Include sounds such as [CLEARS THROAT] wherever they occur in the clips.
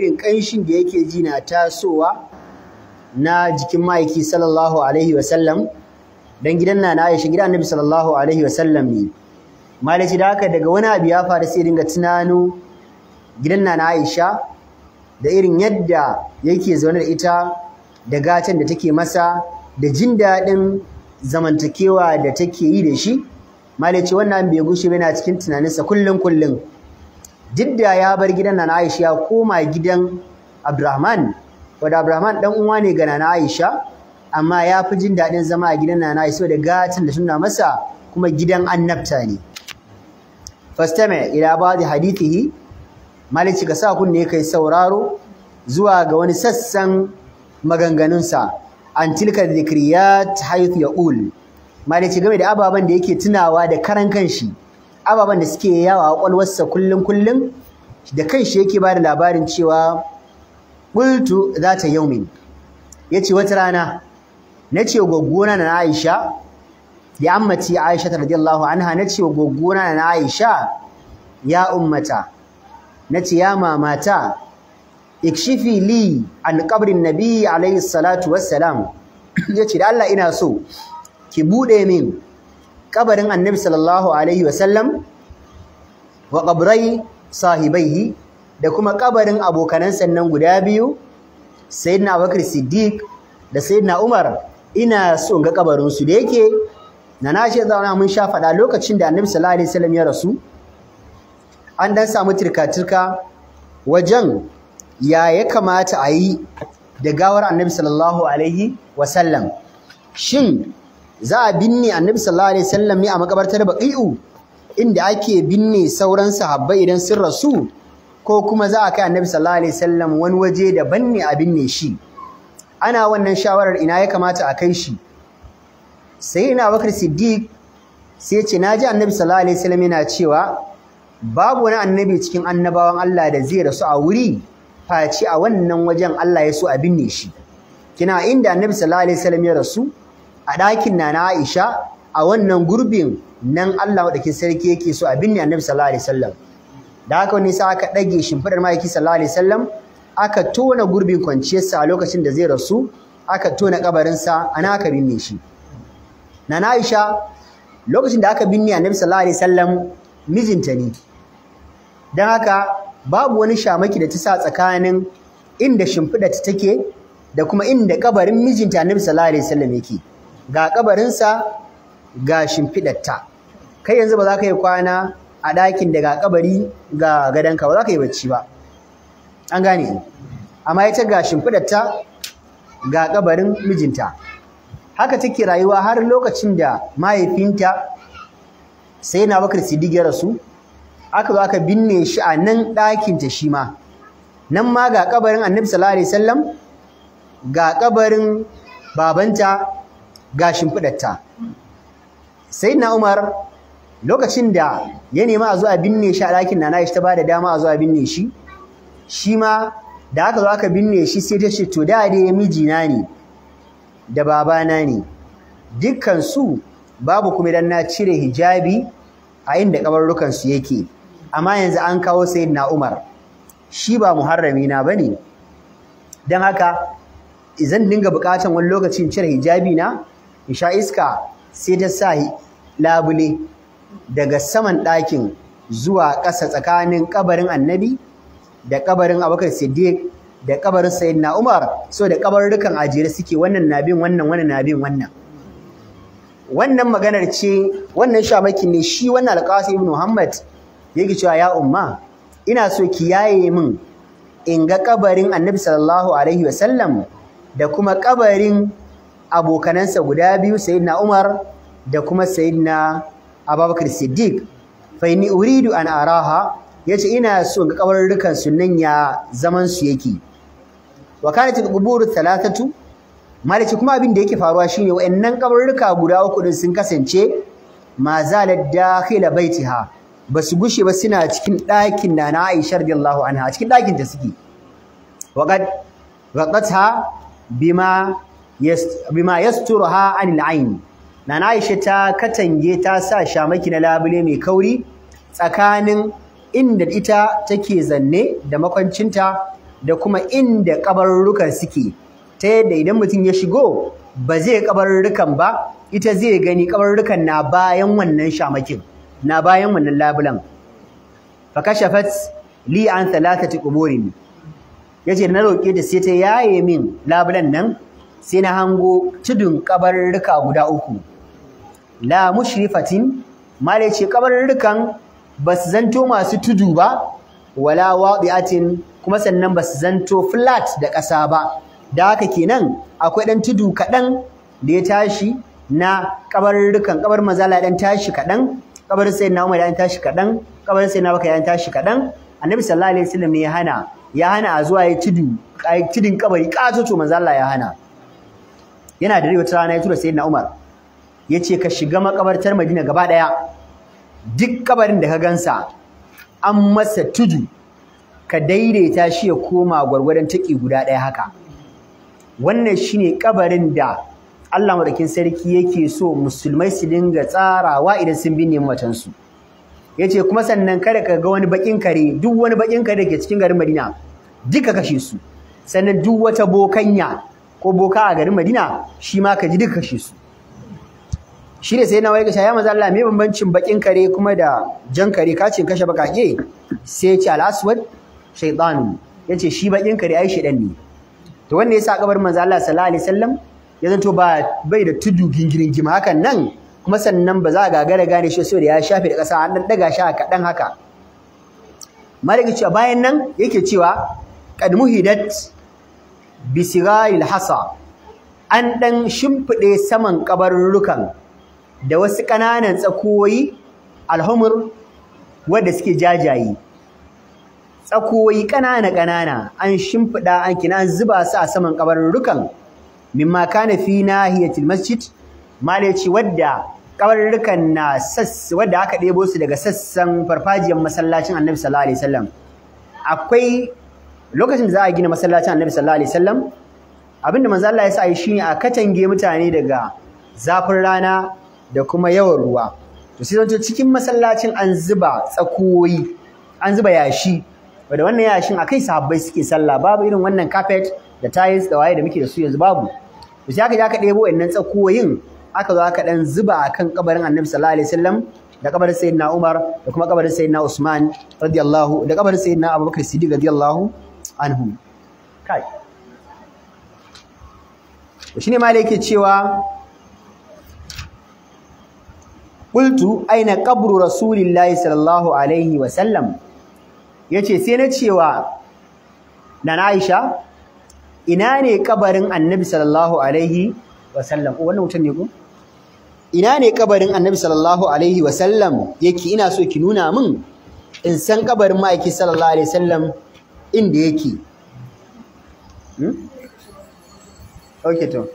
irin ƙanshin da yake ji na tasowa na jikin ma'aiki sallallahu alaihi wasallam dan gidan na na Aisha gidan Annabi sallallahu alaihi wasallam ne malaci da haka daga wani abu ya faru sai dinga tunano gidan na na Aisha da irin yadda yake zaune da ita da gatan da take masa da jin daɗin zamantakewa da take yi da shi malaci wannan bai gushe yana cikin tunaninsa kullum kullum Jidda ya bar gidan Nana Aisha ya koma gidan Abdurrahman wanda Abdurrahman dan uwa ne ga Nana Aisha amma ya fi jin daɗin zama a gidan Nana Aisha da gatin da suna masa kuma gidan annabta ne fastame ila ba'd hadithihi malici ka sa kunne kai sauraro zuwa ga wani sassan maganganunsa until ka dhikriyat haythu yaqul malici game da ababan da yake tunawa da karan kanshi ababen da suke yawa a ƙwalwarsa kullum kullum da kan shi yake bada labarin cewa qultu zata yaumin yace wata rana nace goggona na Aisha da ammati Aisha radiyallahu anha nace goggona na Aisha ya ummata nace ya mamata ikshifi li an qabrin nabi alayhi salatu wassalam [CLEARS THROAT] yace da Allah ina so ki bude min kabarin annabi sallallahu alaihi wasallam wa qabrai sahibaihi da kuma kabarin abokanan sannan guda biyu sayyidina Abubakar Siddiq da sayyidina Umar ina so ga kabarin su da yake na na shi zauna mun sha faɗa lokacin da annabi sallallahu alaihi wasallam ya rasu an dan samu tirka-tirka wajen ya ya kamata a yi da gawar annabi sallallahu alaihi wasallam shin za a binne annabi sallallahu alaihi wasallam ne a makabartar baqi'u inda ake binne sauran sahabbai idan sun rasu ko kuma za a kai annabi sallallahu alaihi wasallam wani waje daban ne a binne shi ana wannan shawarar ina ya kamata a kai shi sai ina bakar siddiq sai ce na ji annabi sallallahu alaihi wasallam yana cewa babu wani annabi cikin annabawan Allah da zai rasu a wuri face a wannan wajen Allah ya so a binne shi kina inda annabi sallallahu alaihi wasallam ya rasu a ɗakin na na Aisha a wannan gurbin nan Allah waɗakin sarki yake so abin ne annabi sallallahu alaihi wasallam da haka wani sa aka ɗage shimfidar ma'aiki sallallahu alaihi wasallam aka tona gurbin kwanciyarsa a lokacin da zai rasu aka tona sa ana aka binne shi na na Aisha lokacin da aka binne annabi sallallahu alaihi wasallam mijinta ne don haka babu wani shamaki da ta sa tsakanin inda shimfiɗa ta take da kuma inda kabarin mijinta annabi sallallahu alaihi wasallam yake ga kabarinsa ga shimfiɗarta kai yanzu ba za ka yi kwana a ɗakin da ga kabari ga gadonka ba za ka yi bacci ba an gane amma ita ga shimfiɗarta ga kabarin mijinta haka take rayuwa har lokacin da mahaifinta sai na bakar siddiq ya rasu aka zo aka binne shi a nan ɗakinta shi ma nan ma ga kabarin annabi sallallahu alaihi wasallam ga kabarin babanta ga shimfiɗarta sai na umar lokacin da ya nema a zuwa binne shi a ɗakin nana shi ta ba da dama a zuwa binne shi shi ma da aka zo aka binne shi sai ta ce to da dai mijina ne da babana ne dukansu babu kuma idan na cire hijabi a inda kabarrukan yake amma yanzu an kawo na Umar shi ba muharrami na bane dan haka zan dinga bukatan wani lokacin cire hijabi na isha iska sai ta sa labule daga saman ɗakin zuwa ƙasa tsakanin ƙabarin annabi da ƙabarin abubakar siddiq da ƙabarin sayyidina umar so da ƙabarrukan ajiyar suke wannan nabin wannan wannan nabin wannan wannan maganar ce wannan shamakin ne shi wannan alƙasim ibn muhammad yake cewa ya umma ina so ki yaye min in ga ƙabarin annabi sallallahu alaihi wasallam da kuma ƙabarin abokanansa guda biyu sayyidina Umar da kuma sayyidina Abubakar Siddiq fa inni uridu an araha yace ina so ga kabarurrukan su ya zaman su yake wa kana ta kuburu thalathatu malaki kuma abin da yake faruwa shine wayannan kabarurruka guda uku din sun kasance ma zalat dakhila baitiha basu gushe ba suna cikin ɗakin na na Aisha radiyallahu anha cikin ɗakin ta suke waqad waqatha bima bima yasturuha anil aini nana Aisha ta katange ta sa shamaki na labule mai kauri tsakanin inda ita take zanne da makwancinta da kuma inda kabarurrukan suke ta yadda idan mutum ya shigo ba zai ƙabarrukan ba ita zai gani ƙabarrukan na bayan wannan shamakin na bayan wannan labulan fakashafat li an thalathati umurin yace na roke ta sai ta yaye min labulan nan sai na hango tudun kabarurruka guda uku la mushrifatin mala ce kabarurrukan ba su zanto masu tudu ba wala wadi'atin kuma sannan ba su zanto flat da ƙasa ba da haka kenan akwai ɗan tudu kaɗan da ya tashi na kabarurrukan kabar mazala ɗan tashi kaɗan kabar sai na umar ɗan tashi kaɗan kabar sai na baka ɗan tashi kaɗan annabi sallallahu alaihi wasallam ya hana ya hana a zuwa ya tudu tudun kabari ƙatoto manzo Allah ya hana yana da ta rana ya tura na Umar Ya ce, ka shiga makabartar Madina gaba daya duk kabarin da ka gansa an masa tudu ka daidaita shi ya koma gwargwadon taki guda daya haka wannan shine kabarin da Allah madaukin sarki yake so musulmai su dinga tsarawa idan sun binne matansu yace kuma sannan kada ka ga wani bakin kare duk wani bakin kare da ke cikin garin Madina duka kashe su sannan duk wata bokanya ko boka a garin Madina shi ma ka ji duk kashe su shi ne sai na wai gasha ya maza Allah me bambancin bakin kare kuma da jan kare ka ce kashe bakake sai ya ce al-aswad shaytanu yace shi bakin kare ai shedan ne to wanda yasa kabar manzo Allah sallallahu alaihi wasallam ya zanto ba bai da tudu gingirin gima hakan nan kuma sannan ba za a gagara gane shi saboda ya shafe da kasa an dan daga shi kaɗan haka malaka cewa bayan nan yake cewa qad muhidat bisirail hasa an ɗan shimfiɗe saman ƙabarurrukan da wasu ƙananan tsakuwoyi alhumur wadda suke jajaye tsakuwoyi ƙanana-ƙanana an shimfiɗa an kina an zuba su a saman ƙabarurrukan mimma kana fi nahiyatil masjid malaci wadda ƙabarurrukan na sass wadda aka ɗebo su daga sassan farfajiyar masallacin annabi sallallahu alaihi wasallam akwai lokacin da za a gina masallacin annabi sallallahu alaihi wasallam abinda manzo Allah ya sa yi shine a katange mutane daga zafin rana da kuma yawan ruwa to sai zanto cikin masallacin an zuba tsakoyi an zuba yashi wanda wannan yashin akai sahabbai suke sallah babu irin wannan carpet da tiles da waye da muke da su yanzu babu to sai aka je aka ɗebo wannan tsakoyin aka zo aka dan zuba akan kabarin annabi sallallahu alaihi wasallam da kabarin sayyidina Umar da kuma kabarin sayyidina Usman radiyallahu da kabarin sayyidina Abubakar Siddiq radiyallahu anhum kai shine malai yake cewa qultu aina qabru rasulillahi sallallahu alaihi wa sallam yace sai na cewa na Aisha ina ne kabarin annabi sallallahu alaihi wa sallam wannan mutum ne ko ina ne kabarin annabi sallallahu alaihi wa sallam yake ina so ki nuna min in san kabarin ma'aiki sallallahu alaihi wa sallam inda yake hmm? ok to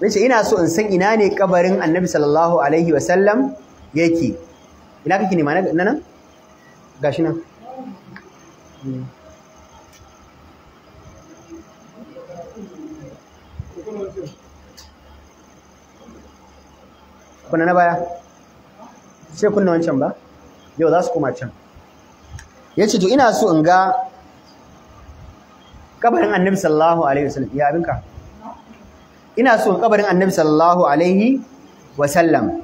wace ina so in san ina ne kabarin annabi sallallahu alaihi wasallam yake ina kake nema na nan gashi nan kuna na baya sai kunna wancan ba yau za su koma can ya ce to ina so in ga kabarin annabi sallallahu alaihi wasallam ya abinka ina so in kabarin annabi sallallahu alaihi wasallam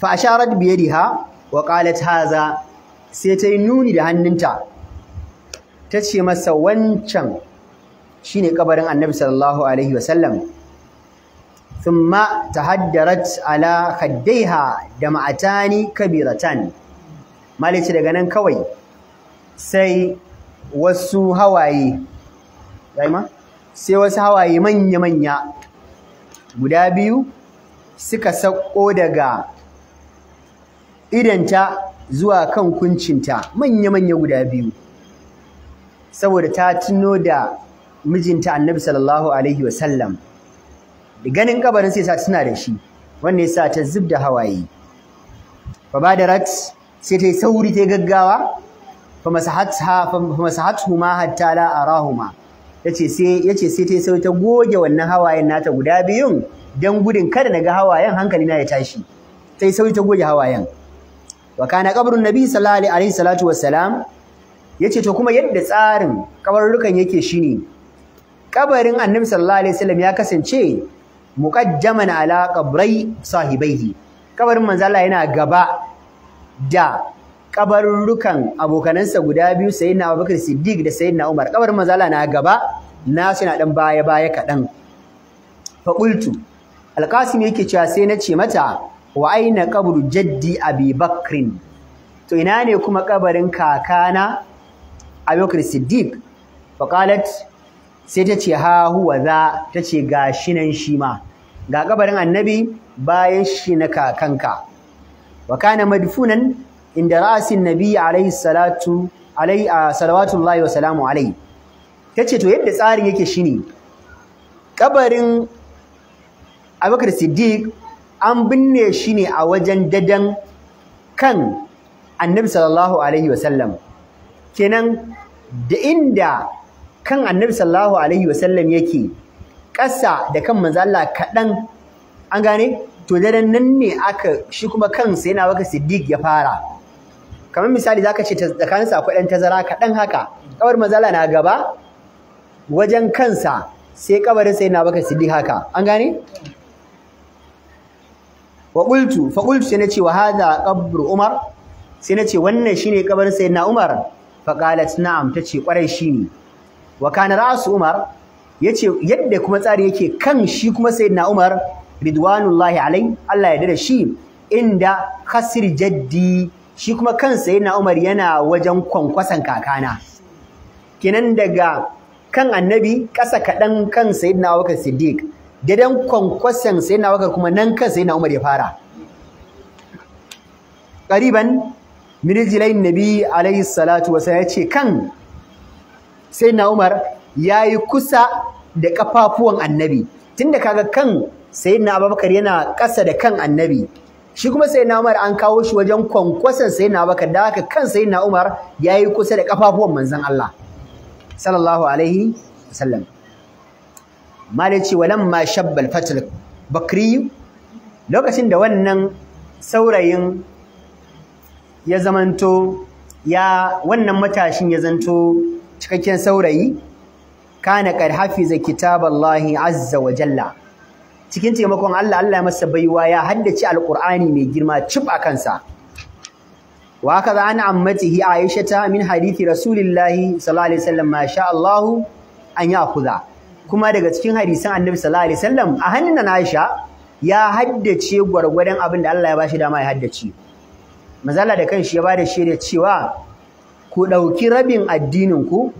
fa asharat bi yadiha wa qalat haza sai ta yi nuni da hannunta ta ce masa wancan shine kabarin annabi sallallahu alaihi wasallam thumma tahaddarat ala khaddaiha da ma'atani kabiratan malice daga nan kawai sai wasu hawaye وسو منيا manya-manya guda biyu suka sako daga idanta zuwa kan kuncinta manya-manya guda biyu saboda ta tuno da mijinta annabi sallallahu alaihi wasallam da ganin kabarin sai sa suna da shi wanda yasa ta zub da hawaye fa badarat sai ta yi sauri ta gaggawa fa masahatha fa masahathu ma hatta la arahuma yace sai yace sai ta yi sauri ta goge wannan hawayen nata guda biyun dan gudun kada naga hawayen hankali na ya tashi ta yi sauri ta goge hawayen wa kana qabrun nabi sallallahu alaihi salatu wassalam yace to kuma yadda tsarin kabarurukan yake shine kabarin annabi sallallahu alaihi wasallam ya kasance muqaddaman ala qabrai sahibaihi kabarin manzo Allah yana gaba da ƙabarrukan abokanansa guda biyu sayyidina Abubakar Siddiq da sayyidina Umar kabarin manzo na gaba nasu na dan baya baya kaɗan. Faƙultu. qultu yake cewa sai na ce mata wa aina qabru jaddi abi to ina ne kuma ƙabarin kakana abubakar siddiq faƙalat sai ta ce ha huwa za ta ce gashi nan shi ma ga kabarin annabi bayan shi na kakanka wa kana madfunan inda ra'asin nabi alaihi salatu alaihi salawatullahi wa salamu ta tace to yadda tsarin yake shine kabarin Abubakar Siddiq an binne shi ne a wajen dadan kan Annabi sallallahu alaihi wasallam kenan da inda kan Annabi sallallahu alaihi wasallam yake ƙasa da kan manzo Allah kaɗan an gane to daren nan ne aka shi kuma kansa yana baka siddiq ya fara kamar misali zaka ce tsakaninsa akwai ɗan tazara kaɗan haka kawar manzo Allah na gaba wajen kansa sai kabarin sai na baka siddiq haka an gane wa qultu fa qultu sai nace wa hadha qabru umar sai nace wannan shine kabarin sayyidina umar fa qalat na'am tace kwarai shine wa kana rasu umar yace yadda kuma tsari yake kan shi kuma sayyidina Umar ridwanullahi alai Allah ya dada shi inda khasir jaddi shi kuma kan sayyidina Umar yana wajen kwankwasan kakana Kinan daga kan annabi ƙasa kaɗan kan sayyidina wakar Siddiq dadan kwankwasan sayyidina wakar kuma nan kan sayyidina Umar ya fara Ƙariban minijilai nabi alaihi salatu ya ce kan sayyidina Umar yayi kusa da kafafuwan annabi Tun da kaga kan sayyidina Abubakar yana ƙasa da kan annabi shi kuma sayyidina Umar an kawo shi wajen kwankwasan sayyidina Abubakar da haka kan sayyidina Umar ya yi kusa da kafafuwan manzon Allah sallallahu alaihi wasallam malai ce ma shabbal fatul bakri lokacin da wannan saurayin ya zamanto ya wannan matashin ya zanto cikakken saurayi kana kar hafiza kitaballahi azza wa jalla cikin taimakon Allah Allah ya masa baiwa ya haddace alqur'ani mai girma cip a kansa wa kaza za ana ammatihi Aisha ta min hadithi Rasulillahi sallallahu alaihi wasallam ma sha Allah an yakhudha kuma daga cikin hadisan Annabi sallallahu alaihi wasallam a hannun Aisha ya haddace gwargwadon abin da Allah ya bashi dama ya haddace mazala da kanshi ya bada shaida cewa ku dauki rabin addinin ku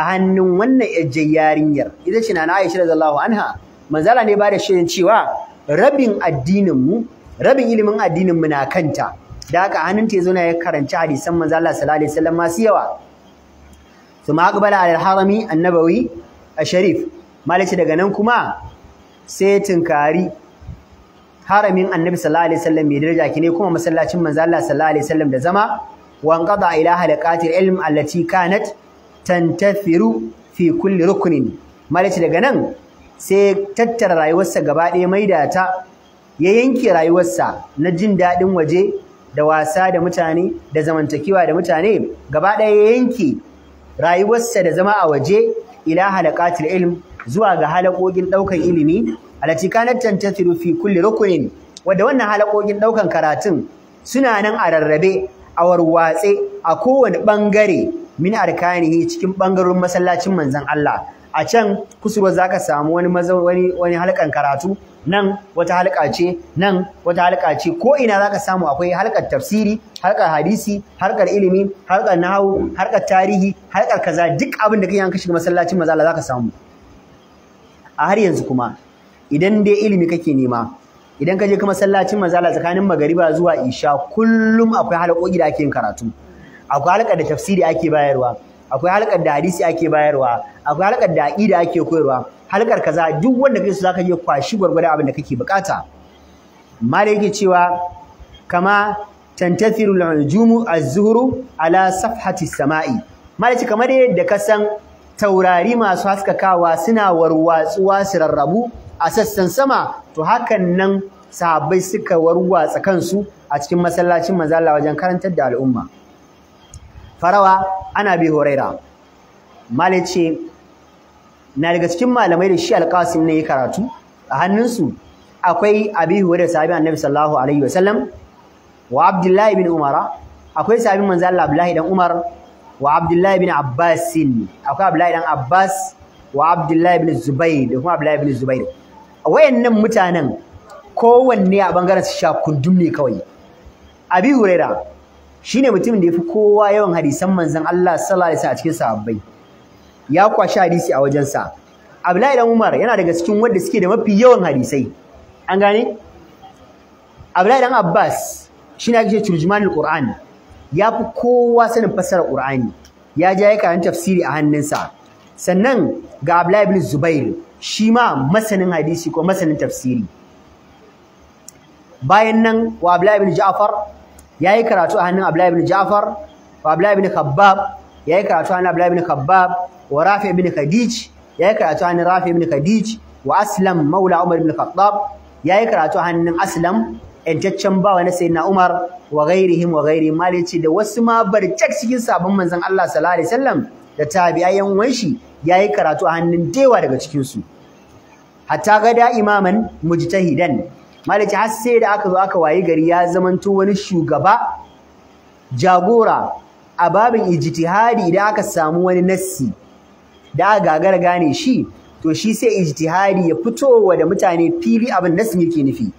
a hannun wannan ejjen yarinyar ita ce na Aisha radiyallahu anha manzala ne ba da shirin cewa rabin addinin mu rabin ilimin addinin mu na kanta da haka hannun ta zauna ya karanci hadisan manzala sallallahu alaihi wasallam masu yawa thumma aqbala al harami annabawi asharif malaci daga nan kuma sai tinkari haramin annabi sallallahu alaihi wasallam mai daraja kine kuma masallacin manzala sallallahu alaihi wasallam da zama ilaha ila halaqatil ilm allati kanat tantafiru fi kulli rukunin malaci daga nan sai tattara rayuwarsa gaba ɗaya maida ta ya yanke rayuwarsa na jin daɗin waje da wasa da mutane da zamantakewa da mutane gaba ɗaya ya yanke rayuwarsa da zama a waje ila halaqatil ilm zuwa ga halaƙoƙin ɗaukan ilimi alati kanat tantafiru fi kulli rukunin wanda wannan halakokin ɗaukan karatun suna nan a rarrabe a warwatse a kowane ɓangare min arkanihi cikin bangarorin masallacin manzon Allah a can kusurwa zaka samu wani wani wani halkan karatu nan wata halka ce nan wata halka ce ko ina zaka samu akwai halkar tafsiri halkar hadisi halkar ilimi halkar nahawu halkar tarihi halkar kaza duk abin da kai yanka shiga masallacin manzon Allah zaka samu a har yanzu kuma idan dai ilimi kake nema idan ka je ka masallacin manzon tsakanin magariba zuwa isha kullum akwai halƙoƙi da ake yin karatu akwai halkar da tafsiri ake bayarwa akwai halkar da hadisi ake bayarwa akwai halkar da aqida ake koyarwa halkar kaza duk wanda kai su zaka je kwashi gwargwadon abin da kake bukata mala yake cewa kama tantathiru al jumu az-zuhru ala safhati samai mala kamar yadda ka san taurari masu haskakawa suna warwatsuwa su rarrabu a sassan sama to hakan nan sahabbai suka warwatsa kansu a cikin masallacin manzo wajen karantar da al'umma farawa ana bi horaira malai ce na daga cikin malamai da shi alƙasim ne ya karatu a hannunsu akwai abi hurairah sahabi annabi sallallahu alaihi wasallam wa abdullahi ibn umara akwai sahabi manzo Allah abdullahi dan umar wa abdullahi ibn abbas akwai abdullahi dan abbas wa abdullahi ibn zubair da kuma abdullahi ibn zubair wayannan mutanen kowanne a bangaren su sha kundum ne kawai abi horaira Shi ne mutumin da ya fi kowa yawan hadisan manzan Allah sallallahu alaihi wasallam a cikin sahabbai ya kwashi hadisi a wajensa Abdullahi dan Umar yana daga cikin wanda suke da mafi yawan hadisai an gane Abdullahi dan Abbas shine yake turjumanul qurani ya fi kowa sanin fassara Qur'ani ya ja ya karanta tafsiri a hannunsa sannan ga Abdullahi ibn Zubair shi ma masanin hadisi ko masanin tafsiri bayan nan wa Abdullahi ibn Ja'far Ya yi karatu a hannun Abdullahi ibn Ja'far wa bin ibn Khabbab yayi karatu a hannun Abdullahi ibn Khabbab wa Rafi ibn Khadij yayi karatu a hannun Rafi ibn Khadij wa Aslam maula Umar ibn Khattab yayi karatu a hannun Aslam ƴantaccen bawa na sayyidina Umar wa ghairihim wa ghairi malici da wasu ma cak cikin sabon manzon Allah sallallahu alaihi wasallam da tabi'ayen wanshi yayi karatu a hannun dewa daga cikin su hatta gada imaman mujtahidan malaci har sai da aka zo aka wayi gari ya zamanto wani shugaba jagora a babin ijtihadi idan aka samu wani nassi da aka gagara gane shi to shi sai ijtihadi ya fitowa da mutane fili abin nassin yake nufi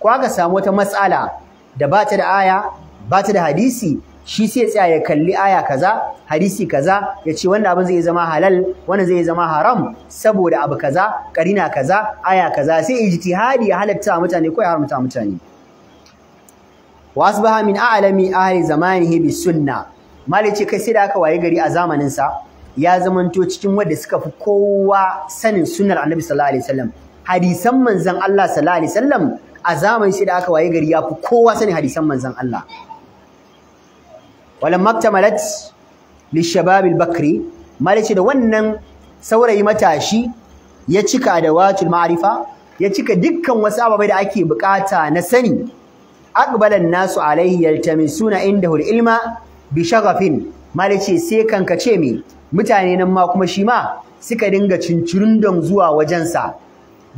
ko aka samu wata matsala da ba ta da aya ba ta da hadisi shi sai tsaya ya kalli aya kaza hadisi kaza ya ce wannan abin zai zama halal wannan zai zama haram saboda abu kaza karina kaza aya kaza sai ijtihadi ya halatta mutane ko ya haramta mutane wa asbaha min a'lami ahli zamanihi bis sunna mali ce kai sai da aka waye gari a zamanin sa ya zamanto cikin wanda suka fi kowa sanin sunnar annabi sallallahu alaihi wasallam hadisan manzon Allah sallallahu alaihi wasallam a zamanin sai da aka waye gari ya fi kowa sanin hadisan manzon Allah Walan ktamalat lishabab albakri malice da wannan saurayi matashi ya cika da watul maarifa, ya cika dukkan wasu ababai da ake bukata na sani aqbalan nasu alaihi yaltamisuna indahu ilma bi shaghafin malice sai kanka ce mai mutane nan ma kuma shi ma suka dinga cincirindon zuwa wajensa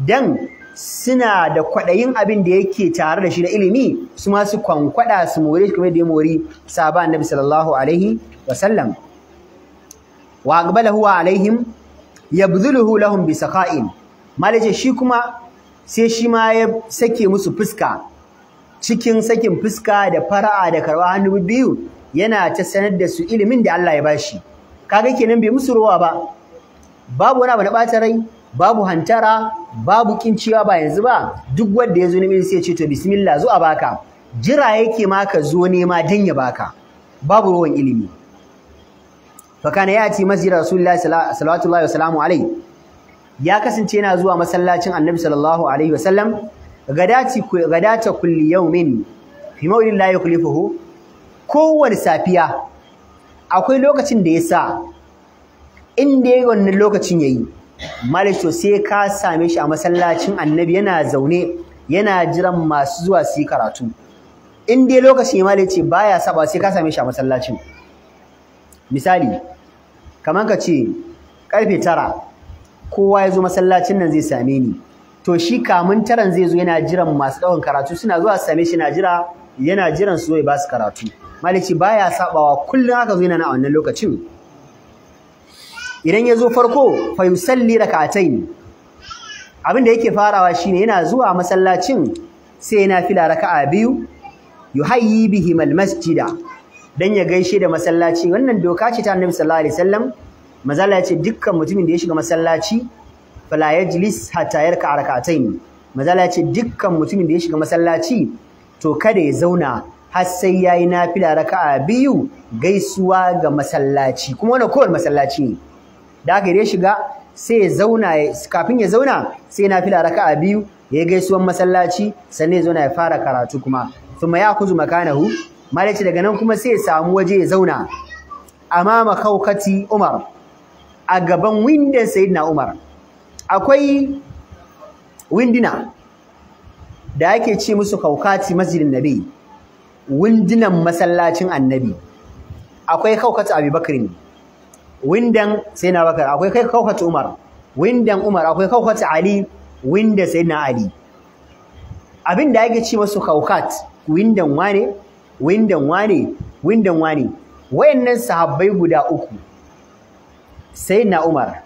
dan suna da kwaɗayin abin da yake tare da shi na ilimi su ma su kwankwaɗa su more kamar da ya mori sahaba annabi sallallahu alaihi wa sallam wa huwa alaihim yabdhuluhu lahum bi saqa'in malaje shi kuma sai shi ma ya sake musu fuska cikin sakin fuska da fara'a da karwa hannu biyu yana ta sanar da su ilimin da Allah ya bashi kaga kenan bai musu ruwa ba babu wani abu na ɓata rai babu hantara babu kinciwa ba yanzu ba duk wanda ya zo neman sai ya ce to bismillah zo a baka jira yake ma ka zo nema dan ya baka babu ruwan ilimi fa kana yati masjid rasulullahi sallallahu alaihi wasallam ya kasance yana zuwa masallacin annabi sallallahu alaihi wasallam gadaci gadata kulli yawmin fi mawlin la yukhlifuhu kowace safiya akwai lokacin da ya sa inda yayi wannan lokacin yayi malik sai ka same shi a masallacin annabi yana zaune yana jiran masu zuwa su yi karatu in dai lokacin malik ce baya saba sai ka same shi a masallacin misali kamar ka ce karfe tara kowa ya zo masallacin nan zai same ni to shi kamun taran zai zo yana jiran masu ɗaukan karatu suna zuwa su same shi yana jira yana jiran su zo ya ba su karatu malik ce baya sabawa kullum haka zo yana na wannan lokacin idan ya zo farko fa yusalli rak'atayn abin da yake farawa shine yana zuwa masallacin sai yana fila raka'a biyu yuhayyi bihim almasjida dan ya gaishe da masallaci wannan doka ce ta Annabi sallallahu alaihi wasallam mazala ce dukkan mutumin da ya shiga masallaci fala yajlis hatta yarka rak'atayn mazala ce dukkan mutumin da ya shiga masallaci to kada ya zauna har sai yayi nafila raka'a biyu gaisuwa ga masallaci kuma wannan kowane masallaci ne da haka ya shiga sai ya zauna kafin ya zauna sai na fila raka'a biyu ya yi gaisuwan masallaci sannan ya zauna ya fara karatu kuma ya kuzu makanahu malaci daga nan kuma sai ya samu waje ya zauna amama kaukati Umar a gaban windin Sayyidina Umar akwai windina da ake ce musu kaukati masjidin Nabi windinan masallacin Annabi akwai kaukati Abubakar ne windan sai na bakar akwai kai kaukaci umar windan umar akwai kaukaci ali windan sai na ali abin da ake ci masu kaukat windan wane windan wane windan wane wayannan sahabbai guda uku sai na umar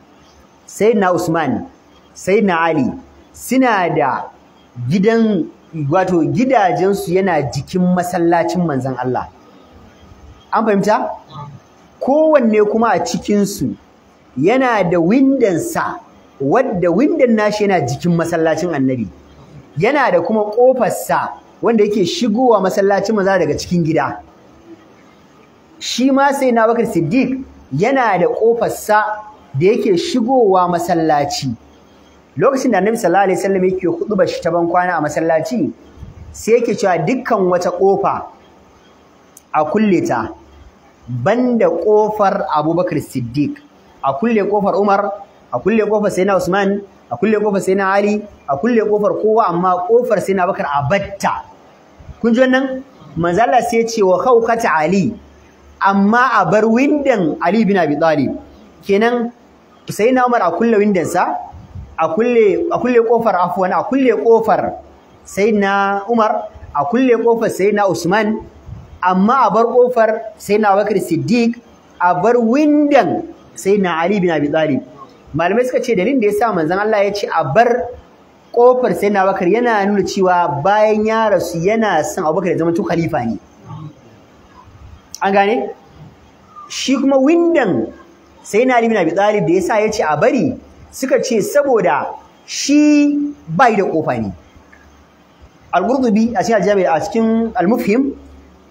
sai na usman sai na ali suna da gidan wato gidajensu yana jikin masallacin manzon Allah an fahimta kowanne kuma a cikinsu yana da windansa wadda windan nashi yana jikin masallacin annabi yana da kuma ƙofarsa wanda yake shigowa masallacin maza daga cikin gida shi ma sai na bakar siddiq yana da ƙofarsa da yake shigowa masallaci lokacin da annabi sallallahu alaihi wasallam yake hudubar shi ta bankwana a masallaci sai yake cewa dukkan wata ƙofa a kulle ta banda ƙofar Abubakar Siddiq a kulle ƙofar Umar a kulle kofar Sayyidina Usman a kulle kofar Sayyidina Ali a kulle kofar kowa amma kofar Sayyidina Abubakar a batta kun ji wannan manzo sai ya ce wa kata Ali amma a bar windan Ali bin Abi Talib kenan Sayyidina Umar a kulle windan a kulle a kulle kofar afwan a kulle kofar Sayyidina Umar a kulle kofar Sayyidina Usman amma a bar ƙofar sai na Abubakar Siddiq a bar windan sai na Ali bin Abi Talib malamai suka ce dalilin da yasa manzon Allah ya ce a bar ƙofar sai na Abubakar yana nuna cewa bayan ya rasu yana son Abubakar ya zama to khalifa ne an gane shi kuma windan sai na Ali bin Abi Talib da yasa ya ce a bari suka ce saboda shi bai da kofa ne al-Qurtubi a cikin al-Jami' a cikin al-Mufhim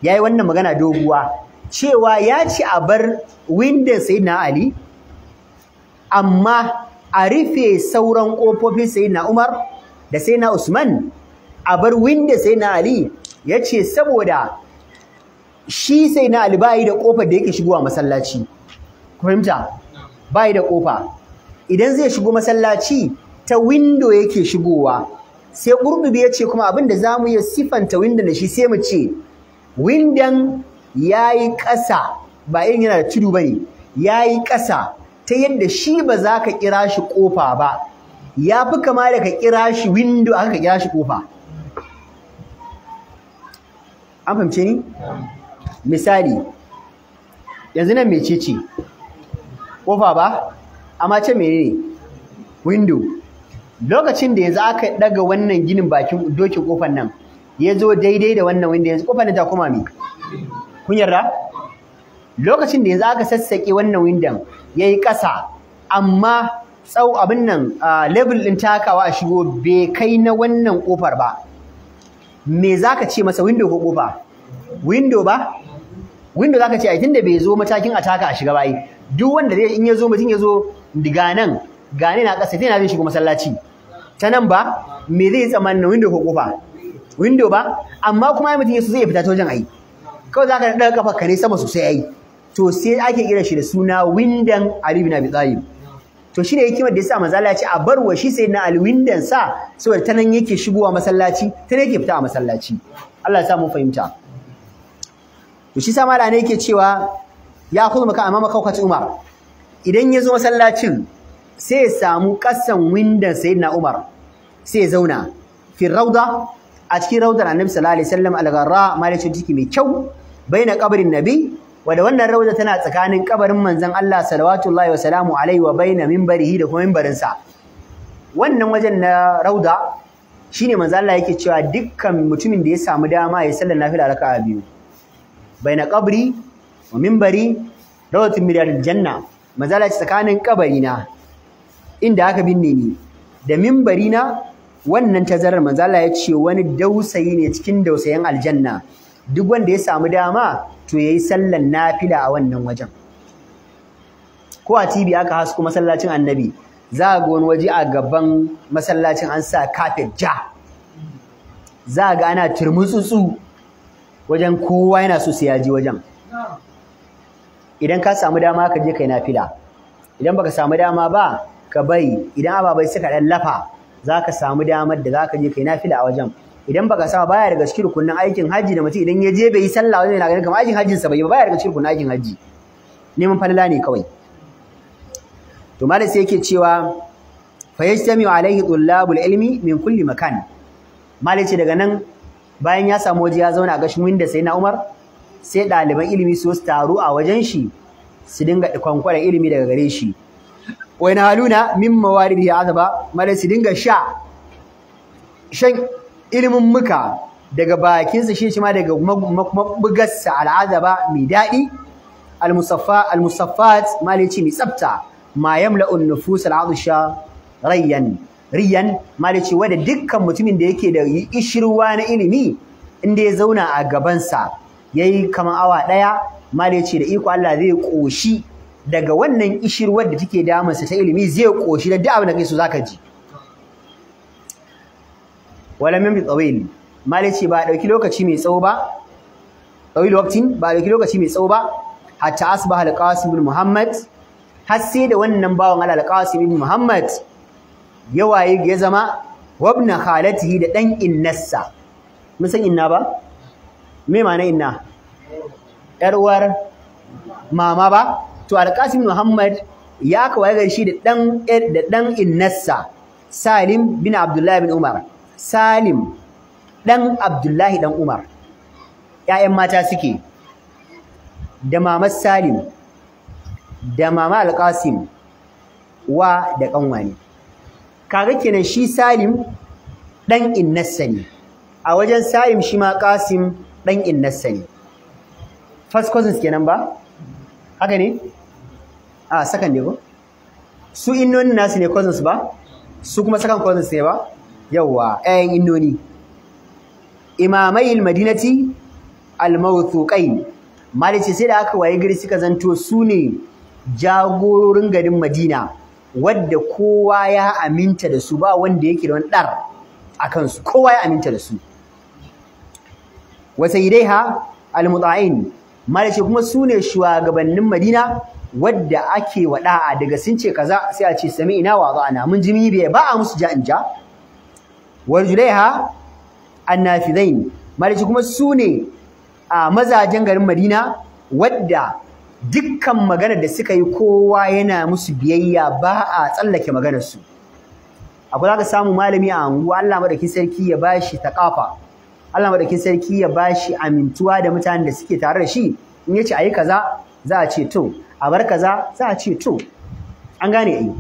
ya yi wannan magana doguwa cewa ya ci a bar sai na Ali amma a rufe sauran ƙofofin na Umar da sai na Usman a bar sai na Ali ya ce saboda shi sai na Ali bayi da ƙofar da yake shigowa masallaci ku bayi da ƙofa idan zai shigo masallaci ta windo yake shigowa sai ƙurɓubi ya ce kuma abin da za mu iya siffanta windo da shi sai mu ce windan ya yi ƙasa ba irin yana da tudu ba ne ya yi ƙasa ta yadda shi ba za ka kira shi ƙofa ba ya fi kama da ka kira shi windo aka ka kira shi ƙofa an fahimce ni misali yanzu nan mai ce ƙofa ba amma ce ne windo lokacin da yanzu aka daga wannan ginin bakin dokin ƙofan nan ya zo daidai da wannan wanda yanzu kofar ta koma me kun yarda lokacin da yanzu aka sassaƙe wannan windon ya yi ƙasa amma tsau abin nan level ɗin takawa a shigo bai kai na wannan ƙofar ba me za ka ce masa window ko ƙofa window ba window za ka ce ai tunda bai zo matakin a taka a shiga ba duk wanda zai in ya zo mutum ya zo diga nan gane na ƙasa sai na zai shigo masallaci ta nan ba me zai tsamanin window ko ƙofa window ba amma kuma ya mutum ya zai fita ta wajen ayi kawai zaka daga kafar ka ne sama sosai ayi to sai ake kira shi da suna windan Ali bin Abi to shine hikimar da yasa manzo ya ce a bar wa shi sayyidina Ali windan sa saboda ta nan yake shigowa masallaci ta ne ke fita a masallaci Allah ya sa mu fahimta to shi sa ne yake cewa ya khudhu maka amma kawkati Umar idan ya zo masallacin sai ya samu kasan windan sayyidina Umar sai ya zauna fi rauda a cikin raudar annabi sallallahu alaihi wasallam al-gharra malice jiki mai kyau baina kabarin nabi wanda wannan rauda tana tsakanin kabarin manzon Allah sallallahu wa salamu alaihi wa baina minbarihi da kuma minbarin sa wannan wajen na rauda shine manzon Allah yake cewa dukkan mutumin da ya samu dama ya sallar nafila raka'a biyu baina kabri wa minbari rawatun miryar janna manzon Allah tsakanin kabarina inda aka binne ni da minbarina wannan tazarar manzo Allah ya ce wani dausayi ne cikin dausayin aljanna duk wanda ya samu dama to yayi sallar nafila a wannan wajen ko a TV aka hasko masallacin annabi za ga wani waje a gaban masallacin an sa kafet ja za ga ana turmutsutsu wajen kowa yana so sai ya je wajen idan ka samu dama ka je kai nafila idan baka samu dama ba ka bai idan ababai suka dan lafa Za ka samu damar da za ka je kai nafila a wajen idan baka sa baya daga cikin rukunin aikin haji da mutum idan ya je bai yi sallah wajen yana ganin kamar aikin hajin sa bai baya daga cikin rukunin aikin haji neman falala ne kawai to malam sai yake cewa fa yajtami'u alayhi tullabul ilmi min kulli makan malam ce daga nan bayan ya samu waje ya zauna a gashin winda sai na Umar sai ɗaliban ilimi su taru a wajen shi su dinga kwankwaran ilimi daga gare shi wa mimma min ya azaba mala su dinga sha shan ilimin muka daga bakinsa shi shi ma daga mabugarsa al'azaba mai daɗi al-musaffa al-musaffat malici mai tsafta ma yamla'un nufus al-adusha riyan malici wanda dukkan mutumin da yake da ishirwa na ilimi inda ya zauna a gabansa yayi kamar awa daya malici da iko Allah zai koshi daga wannan kishirwar da take sa ta ilimi zai koshi da duk abin da kai so zaka ji wala min tsawil tawil ce ba dauki lokaci mai tsawo ba tawil waqtin ba dauki lokaci mai tsawo ba hatta asbaha al-qasim bin muhammad har sai da wannan bawan Allah al-qasim muhammad ya waye ya zama wabna khalatihi da dan innassa mun san inna ba me ma'ana inna yar uwar mama ba to alƙasim muhammad ya kawai gari shi da ɗan da dan innassa salim bin abdullahi bin umar salim dan abdullahi dan umar ƴaƴan mata suke da mamar salim da mama alƙasim wa da kanwani kaga kenan shi salim dan innassa ne a wajen salim shi ma ƙasim ɗan innassa ne first cousins kenan ba haka ne a sakan ne ko su innoni nasu ne cousins ba su kuma sakan cousins ne ba yawwa ƴaƴan innoni imamai almadinati almawthuqain malice sai da aka waye gari suka zanto su ne jagororin garin Madina wadda kowa ya aminta da su ba wanda yake da wani dar a kansu kowa ya aminta da su wa ha almuta'in mala kuma su ne shugabannin madina wadda ake wadaa daga sun ce kaza sai a ce sami ina wa za'ana mun ji mibe ba a musu ja in ja wal julaiha annafidain ce kuma su ne a mazajen garin madina wadda dukkan magana da suka yi kowa yana musu biyayya ba a tsallake maganarsu, a abu za ka samu malami a anguwa Allah madaukin sarki ya ba bashi ƙafa. Allah madaukin sarki ya bashi amintuwa da mutanen da suke tare da shi in yace ayi kaza za a ce to a bar kaza za a ce to an gane ai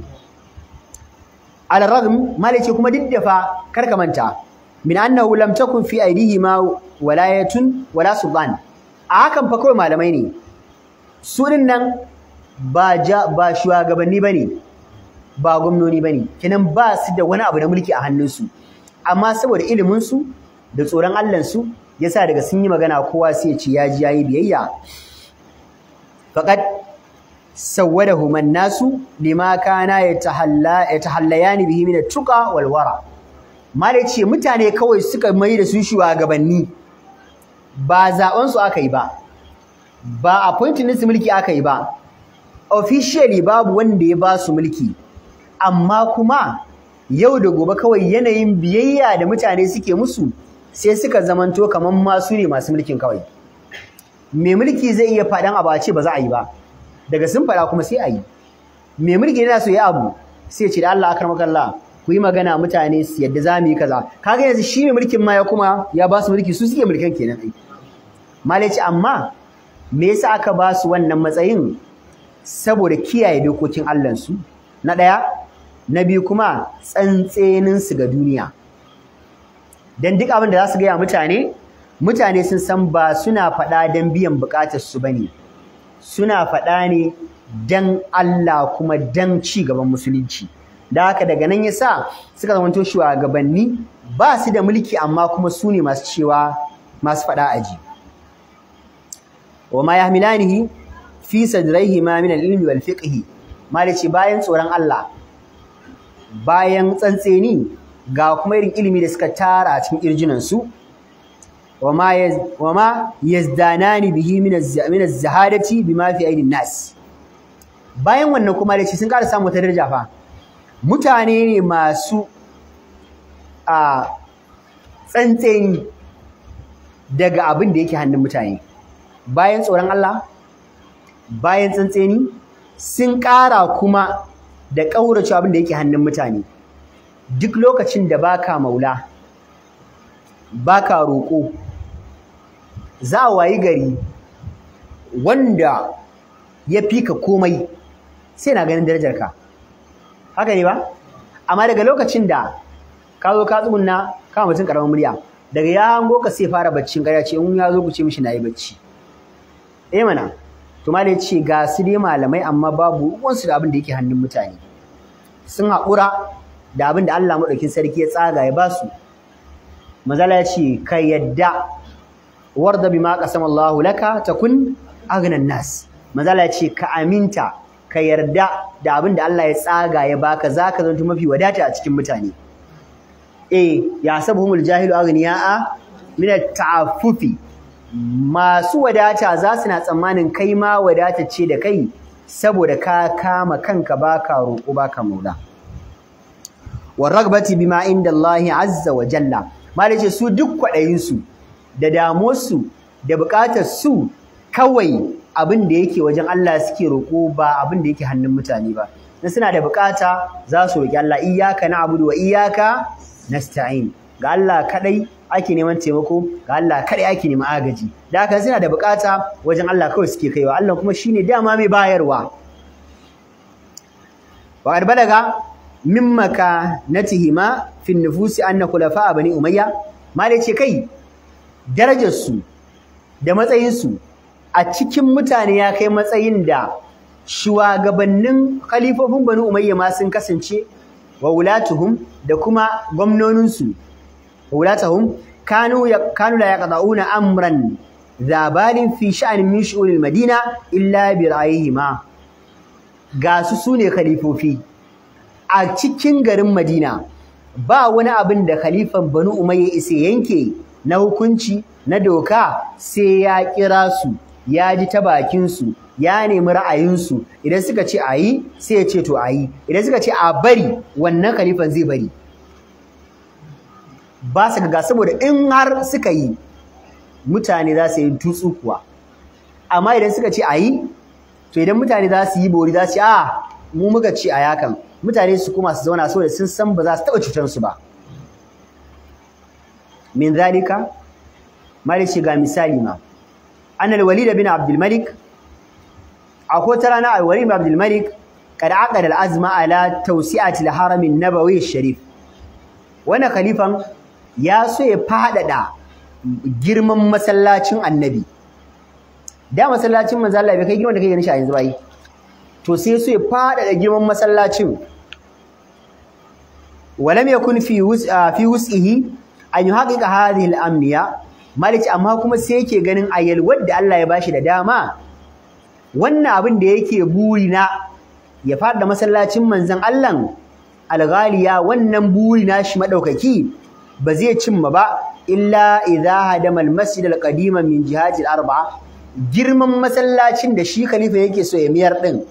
al-ragm kuma duk da fa karka manta min annahu lam takun fi ma walayatun wala suban a hakan fa kawai malamai ne su nan ba ja ba shugabanni bane ba gwamnoni bane kenan ba su da wani abu na mulki a hannunsu amma saboda ilimin su da tsoron Allah su yasa daga sun yi magana kowa sai ya ce ya ji yayi biyayya faqad sawwadahu annasu lima kana yatahalla yatahallayani bihi min tuqa wal wara mala ce mutane kawai suka mai da su gabanni. ba zaɓon su aka yi ba ba appointment su mulki aka yi ba officially babu wanda ya ba su mulki amma kuma yau da gobe kawai yanayin biyayya da mutane suke musu sai suka zamanto kamar masu ne masu mulkin kawai mai mulki zai iya faɗan abu a ce ba za a yi ba daga sun faɗa kuma sai a yi mai mulki yana so ya abu sai ce da Allah maka Allah ku yi magana mutane su yadda za mu yi kaza kaga yanzu shi mai mulkin ma ya kuma ya ba su mulki su suke mulkin kenan ai malai ce amma me yasa aka ba su wannan matsayin saboda kiyaye dokokin Allah su na ɗaya na biyu kuma tsantseninsu ga duniya Don duk abin da za su gaya mutane mutane sun san ba suna faɗa don biyan buƙatar su bane suna faɗa ne don Allah kuma don ci gaban musulunci da haka daga nan ya yasa suka zamanto shugabanni ba su da mulki amma kuma su ne masu cewa masu faɗa aji wa ma yahmilanihi fi sadraihi ma min al-ilmi wal fiqhi ce bayan tsoron Allah bayan tsantseni ga kuma irin ilimi da suka tara a cikin irjinansu wa ma yazdanani bihi min az-zahadati bima fi aidin nas bayan wannan kuma da shi sun ƙara samu wata daraja fa mutane ne masu a tsantseni daga abin da yake hannun mutane bayan tsoron Allah bayan tsantseni sun ƙara kuma da ƙaurace abin da yake hannun mutane duk lokacin da baka maula baka roƙo za a wayi gari wanda ya fi ka komai sai na ganin darajarka haka ne ba amma daga lokacin da ka zo ka tsugunna ka mutum karamin murya daga ya hango ka sai fara baccin ƙarya ce in ya zo ku ce mishi na yi bacci eh mana to ma ce ga su dai malamai amma babu ruwansu da abin da yake hannun mutane sun haƙura da abin da Allah maɗaukin sarki ya tsaga ya basu mazala ya ce ka yadda warda bima qasama Allahu laka kun agnan nas mazala ya ce ka aminta ka yarda da abin da Allah ya tsaga ya baka ka zanto mafi wadata a cikin mutane E, ya sabuhumul jahilu a min taaffufi masu wadata za su na tsammanin kai ma wadata ce da kai saboda ka kama kanka baka roƙo ka maula wa ragbati bima inda Allah azza wa jalla malai ce su duk kwaɗayin da damosu da buƙatar su kawai abin da yake wajen Allah suke roƙo ba abin da yake hannun mutane ba na suna da buƙata za su roƙi Allah iyyaka na'budu wa iyyaka nasta'in ga Allah kadai ake neman taimako ga Allah kadai ake neman agaji da haka suna da buƙata wajen Allah kawai suke kaiwa Allah kuma shine dama mai bayarwa wa daga min makanatihima fin nufusi anna a bani umayya malai ce kai Darajarsu da matsayinsu a cikin mutane ya kai matsayin da shugabannin khalifofin bani umayya ma sun kasance wa wulatuhum da kuma gwamnonin su wa wulatuhum kanu ya kanu la yaqda'una amran zabalin fi sha'anin min shu'unil madina illa bi ma. ga su sune khalifofi a cikin garin Madina ba wani abin da khalifan Banu Umayya isa yanke na hukunci na doka sai ya kira su ya ji ta bakin su ya nemi ra'ayinsu idan suka ce a yi sai ya ce to a yi idan suka ce a bari wannan khalifan zai bari ba su ga saboda in har suka yi mutane za su yi tutsu kuwa amma idan suka ce a yi to idan mutane za su yi bori za su ce a ah, mu muka ce a yakan mutane su kuma su zauna saboda sun san ba za su taɓa su ba min zalika mali ga misali ma annal walid bin Abdulmalik? malik akwai ta rana walid bin Abdulmalik? malik aka da al azma ala tawsi'ati al haram an nabawi sharif Wani khalifan ya so ya faɗaɗa girman masallacin annabi da masallacin manzo Allah bai kai girman da kai ganin shi a yanzu ba yi to sai su ya faɗaɗa girman masallacin walam yakun fi fi wus'ihi an yuhaqiqa hadhihi al-amniya Maliki amma kuma sai yake ganin ayal wadda Allah ya bashi da dama wannan abin da yake burina ya faɗa masallacin manzon Allah al-ghaliya wannan burina shi madaukaki ba zai cimma ba illa idza hadama al-masjid al-qadima min jihati al-arba'a girman masallacin da shi khalifa yake so ya miyar din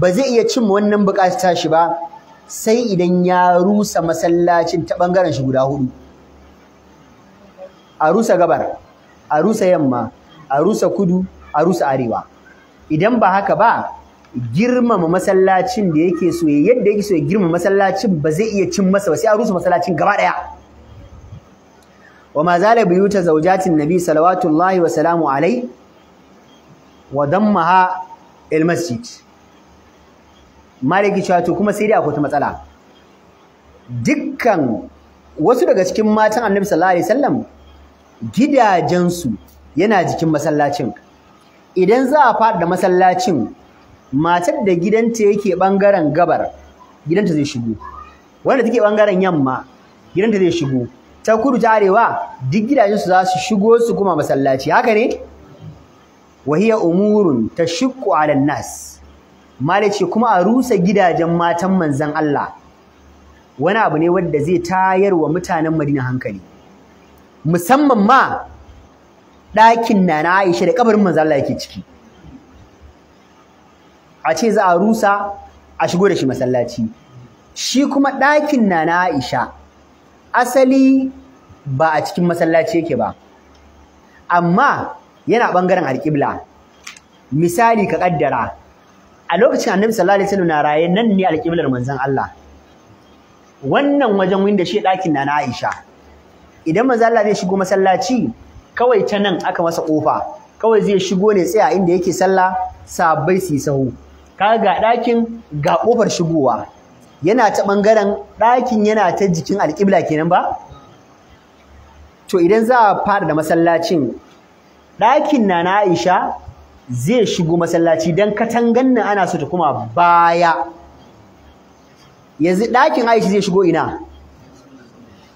ba zai iya cin wannan buƙatar shi ba sai idan ya rusa masallacin ta bangaren shi guda hudu a rusa gabar a rusa yamma a rusa kudu a rusa arewa idan ba haka ba girmama masallacin da yake so yadda yake so ya girmama masallacin ba zai iya cin masa ba sai a rusa masallacin gaba daya وما زال بيوت زوجات النبي صلوات الله وسلامه عليه وضمها المسجد maliki cewa to kuma sai dai akwai matsala dukkan wasu daga cikin matan annabi sallallahu alaihi wasallam gidajensu yana jikin masallacin idan za a faɗa masallacin matar da gidanta yake ɓangaren gabar gidanta zai shigo wanda take ɓangaren yamma gidanta zai shigo ta kudu ta arewa duk gidajensu za su shigo su kuma masallaci haka ne wahiya umurun tashqu ala nas mala ce kuma a rusa gidajen matan manzan Allah wani abu ne wanda zai tayar wa mutanen Madina hankali musamman ma ɗakin na na Aisha da kabarin manzan Allah yake ciki a ce za a rusa a shigo da shi masallaci shi kuma ɗakin na na Aisha asali ba a cikin masallaci yake ba amma yana ɓangaren alƙibla misali ka ƙaddara a lokacin annabi sallallahu alaihi wasallam na raye nan ne alƙiblar manzon Allah wannan wajen wanda shi ɗakin na na Aisha idan manzon Allah zai shigo masallaci kawai ta nan aka masa kofa kawai zai shigo ne tsaya inda yake sallah sabai su sahu kaga ga ɗakin ga kofar shigowa yana ta ɓangaren ɗakin yana ta jikin alƙibla kenan ba to idan za a fara da masallacin ɗakin na na Aisha zai shigo masallaci dan katangan nan ana so ta kuma baya yanzu ɗakin Aisha zai shigo ina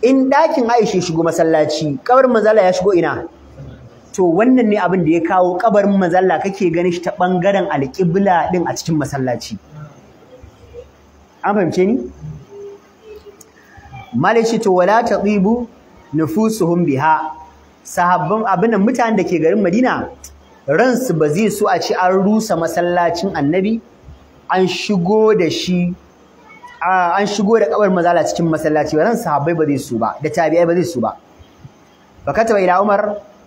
in ɗakin Aisha ya shigo masallaci kabarin manzala ya shigo ina to wannan ne abin da ya kawo ƙabar manzala kake ganin shi ta ɓangaren alƙibla din a cikin masallaci an fahimce ni malici to wala taqibu nufusuhum biha sahabban abin nan mutanen da ke garin Madina ransu ba zai so a ci an rusa masallacin annabi an shigo da shi an shigo da kabar mazala cikin masallaci ba ransu sahabbai ba zai so ba da tabi'ai ba zai so ba fa kataba ila umar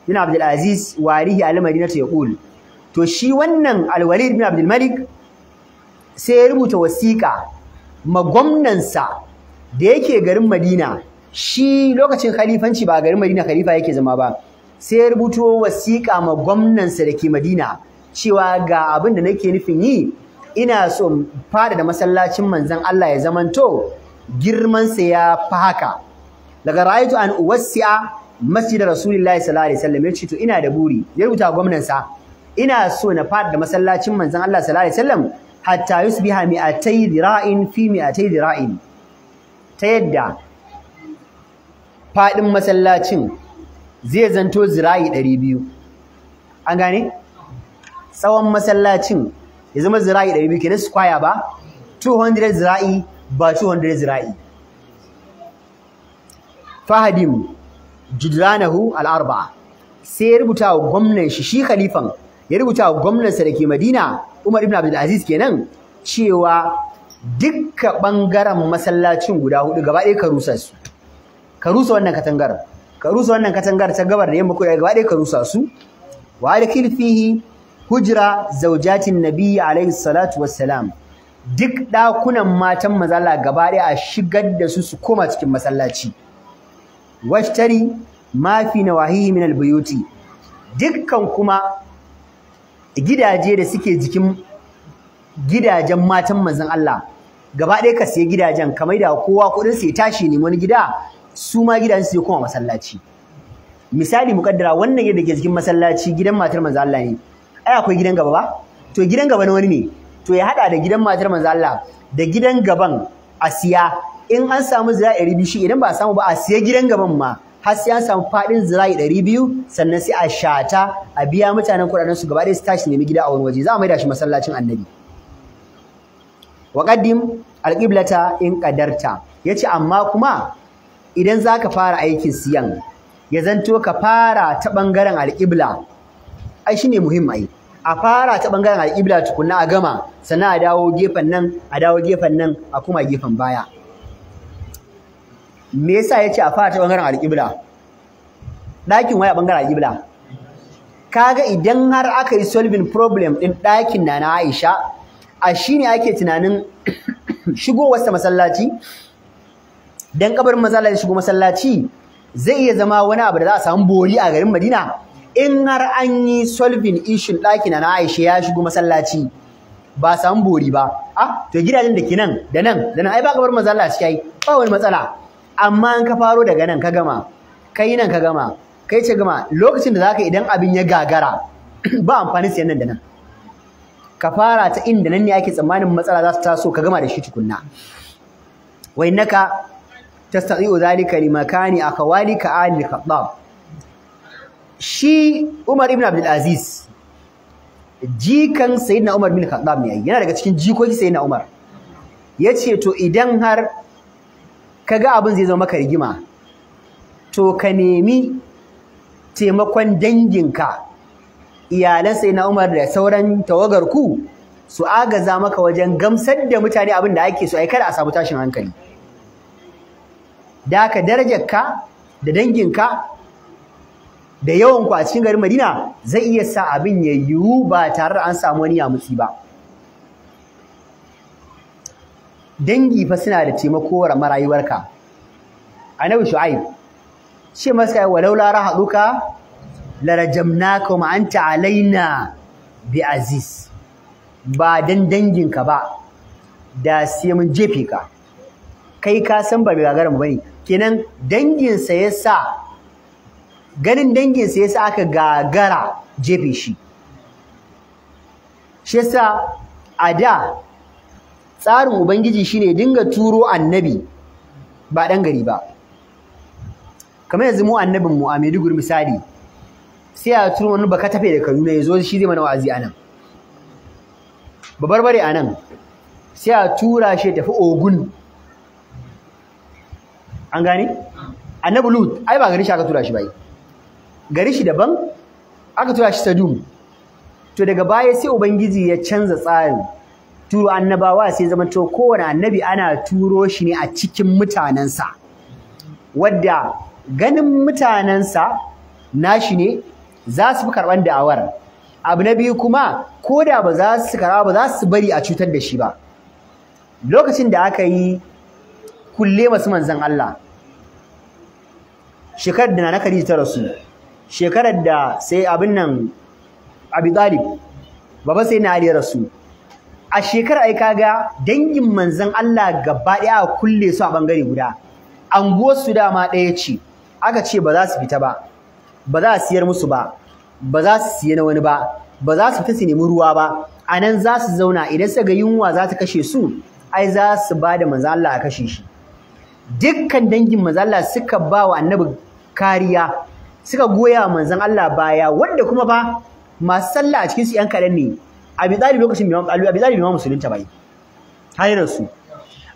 bin abdul aziz warihi al madinatu yaqul to shi wannan al walid bin abdul malik sai ya rubuta wasiƙa ma gwamnansa da yake garin madina shi lokacin khalifanci ba garin madina khalifa yake zama ba sai ya rubuto wasiƙa ma gwamnansa da ke Madina cewa ga abin da nake nufin yi ina so fada da masallacin manzon Allah ya zamanto girmansa ya fi haka daga ra'aytu an uwassi'a masjidar rasulullahi sallallahu alaihi wasallam yace to ina da buri ya rubuta gwamnansa ina so na fada da masallacin manzon Allah sallallahu alaihi wasallam hatta yusbiha mi'atay dira'in fi mi'atay dira'in ta yadda fadin masallacin zai zanto zira'i ɗari biyu an gane tsawon masallacin ya zama zira'i ɗari biyu kenan square ba 200 zira'i ba 200 zira'i fahadim judranahu al sai ya rubuta wa gwamnan shi shi khalifan ya rubuta wa gwamnansa da ke Madina Umar ibn Abdul Aziz kenan cewa dukka ɓangaren masallacin guda hudu gaba ɗaya ka rusa su ka rusa wannan katangar ka rusa wannan katangar ta gabar da yamma ko gaba ɗaya ka rusa su wa adkhil fihi hujra zawjatin Nabiyyu alaihi salatu wassalam duk ɗakunan matan mazala gaba ɗaya a shigar da su su koma cikin masallaci washtari ma fi nawahihi min albuyuti dukkan kuma gidaje da suke jikin gidajen matan manzon Allah gaba ɗaya ka siya gidajen kamar da kowa kuɗin sai tashi ne wani gida su ma gidajen ya koma masallaci misali mukaddara wannan yadda ke cikin masallaci gidan matar manzo Allah ne ai akwai gidan gaba ba to gidan gaba na wani ne to ya hada da gidan matar manzo Allah da gidan gaban a asiya in an samu zira'i biyu shi idan ba a samu ba a siya gidan gaban ma har sai an samu fadin zira'i ɗari biyu sannan sai a shata a biya mutanen kuɗaɗen su gaba ɗaya su tashi nemi gida a wani waje za a maida shi masallacin annabi qaddim alqiblata in qadarta yace amma kuma idan za ka fara aikin siyan ya zanto ka fara ta ɓangaren al'ibla. ai shine ne ai a fara ta ɓangaren al'ibla tukunna a gama sannan a dawo gefen nan a dawo gefen nan a kuma gefen baya me yasa ya ce a fara ta ɓangaren al'ibla? ɗakin waya ɓangaren al’ibla kaga idan har aka yi solving problem ɗin ɗakin na na Aisha a shine ake tunanin [COUGHS] shigowarsa masallaci dan kabarin manzo Allah shigo masallaci zai iya zama wani abu da za a samu bori a garin Madina in har an yi solving issue ɗakina na Aisha ya shigo masallaci ba samu bori ba ah to gidajen da ke nan da nan da nan ai ba kabarin manzo Allah kai ba wani matsala amma in ka faro daga nan ka gama kai nan ka gama kai ce gama lokacin da zaka idan abin ya gagara [CLEARS THROAT] ba amfani sai nan da nan ka fara ta inda nan ne ake tsammanin matsala za su taso ka gama da shi tukunna wa innaka tastati'u dhalika limakani akhawalika ali khattab shi Umar ibn Abdul jikan sayyidina Umar bin Khattab ne yana daga cikin jikoki sayyidina Umar yace to idan har ka ga abin zai zama maka rigima to ka nemi taimakon dangin ka. iyalan sayyidina Umar da sauran tawagar ku su agaza maka wajen gamsar da mutane abin da ake so ai kada a samu tashin hankali da haka darajarka da danginka da yawan ku a cikin garin Madina zai iya sa abin ya yiwu ba tare da an samu wani ya yamutsi ba dangi fa suna da taimako wa rayuwarka annabi shu'aib ce masa walaula rahaduka rajamnaka ma anta alaina bi aziz ba dan ka ba da sai mun jefe ka kai ka san ba gagarin ne. kenan danginsa ya sa ganin danginsa ya sa aka gagara jefe shi shi sa a da tsarin ubangiji shine dinga turo annabi ba ɗan gari ba kamar yanzu mu annabin mu a Maiduguri misali sai a turo wani baka tafe da Kaduna ya zo shi zai mana wa'azi anan a anan sai a tura shi tafi Ogun an gane annabi lut ai ba gari shi aka tura shi bai gari shi daban aka tura shi sadum to daga baya sai ubangiji ya canza tsarin turo annabawa sai zama to kowane annabi ana turo shi ne a cikin mutanensa wadda ganin mutanensa nashi ne za su fi karɓar da'awar abu na biyu kuma ko da ba za su karɓa ba za su bari a cutar da shi ba lokacin da aka yi kulle masu manzan Allah shekarar da na Khadija ta rasu shekarar da sai abin nan Abi Talib baba sai na Ali rasu a shekarar ai kaga dangin manzan Allah gaba daya a kulle su a bangare guda anguwar su dama daya ce aka ce ba za su fita ba ba za su siyar musu ba ba za su siye na wani ba ba za su fita su nemi ruwa ba a nan za su zauna idan suka ga yunwa za ta kashe su ai za su ba da manzan Allah a kashe shi dukkan dangin manzon Allah suka ba wa annabi kariya suka goya manzon Allah baya wanda kuma ba masu sallah a cikin su yan kadan ne abi tsari lokacin bai abi talib bai musulunta bai har su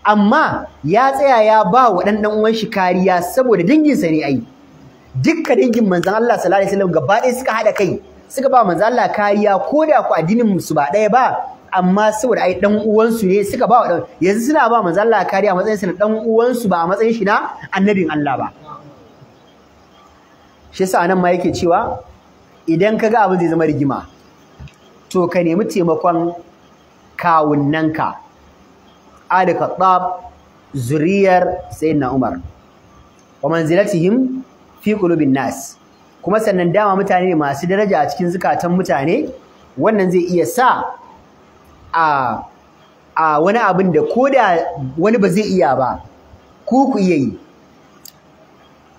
amma ya tsaya ya ba wa dan dan uwan shi kariya saboda dangin sa ne ai dukkan dangin manzon Allah sallallahu alaihi wasallam gaba ɗaya suka hada kai suka ba manzon Allah kariya ko da ku addinin musu ba ɗaya ba amma saboda ai dan uwansu ne suka ba wa yanzu suna ba manzo Allah kariya a matsayin su na dan uwansu ba a matsayin shi na annabin Allah ba shi yasa nan ma yake cewa idan ka ga abin zai zama rigima to ka nemi taimakon kawunnanka Ali Khattab zuriyar Sayyidina Umar wa manzilatihim fi qulubin nas kuma sannan dama mutane masu daraja a cikin zukatan mutane wannan zai iya sa a a wani abin da ko da wani ba zai iya ba ku ku iya yi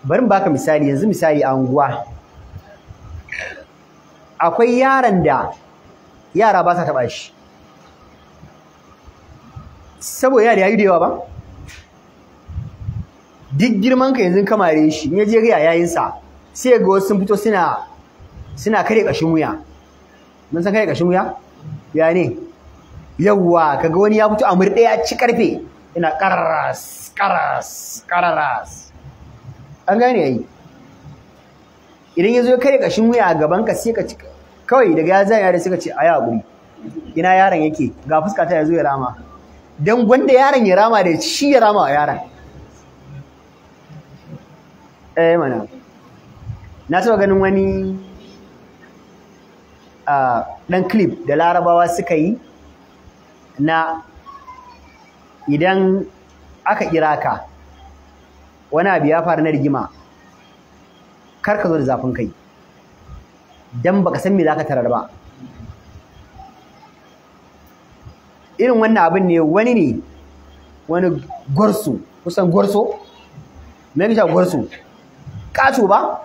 bari mu baka misali yanzu misali a unguwa akwai yaron da yara ba sa taɓa shi saboda yara ya yi da yawa ba duk girman ka yanzu kamare shi in je ga sa sai ga wasu sun fito suna suna kare ƙashin wuya mun san kare ƙashin wuya ya ne yawwa kaga wani ya fito a murɗe ya ci karfe ina karas karas karas an gane yayi idan ya zo ya kare kashin wuya a gaban ka sai ka ci kawai daga ya yare sai suka ce a yaƙuri ina yaron yake ga fuska ta ya zo ya rama dan gwanda yaron ya rama da shi ya rama wa yaron eh mana na taɓa ganin wani ah, ɗan clip da larabawa suka yi na idan aka kira ka wani abu ya faru na rigima kar ka zo da zafin kai dan baka san me zaka tarar ba irin wannan abin ne wani ne wani gwarso? kusan gorso me ya gorso kato ba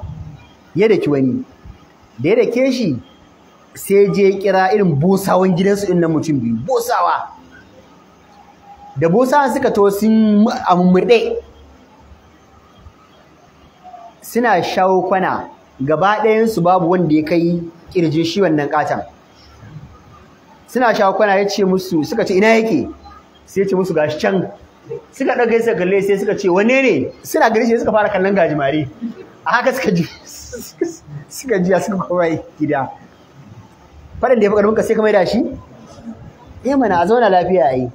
ya ki wani da ya dake shi sai je kira irin busawan gidansu din na mutum biyu busawa da busawa suka to sun amurde suna shawo kwana gaba ɗayansu babu wanda ya kai kirjin shi wannan katan suna shawo kwana ya ce musu suka ce ina yake sai ce musu gashi can suka ɗaga suka kalle sai suka ce wane ne suna gari shi suka fara kallon gajimare a haka suka ji [LAUGHS] suka ji suka kuma gida faɗin da ya faɗa ƙarfin ka sai ka mai da shi eh mana a zauna lafiya ai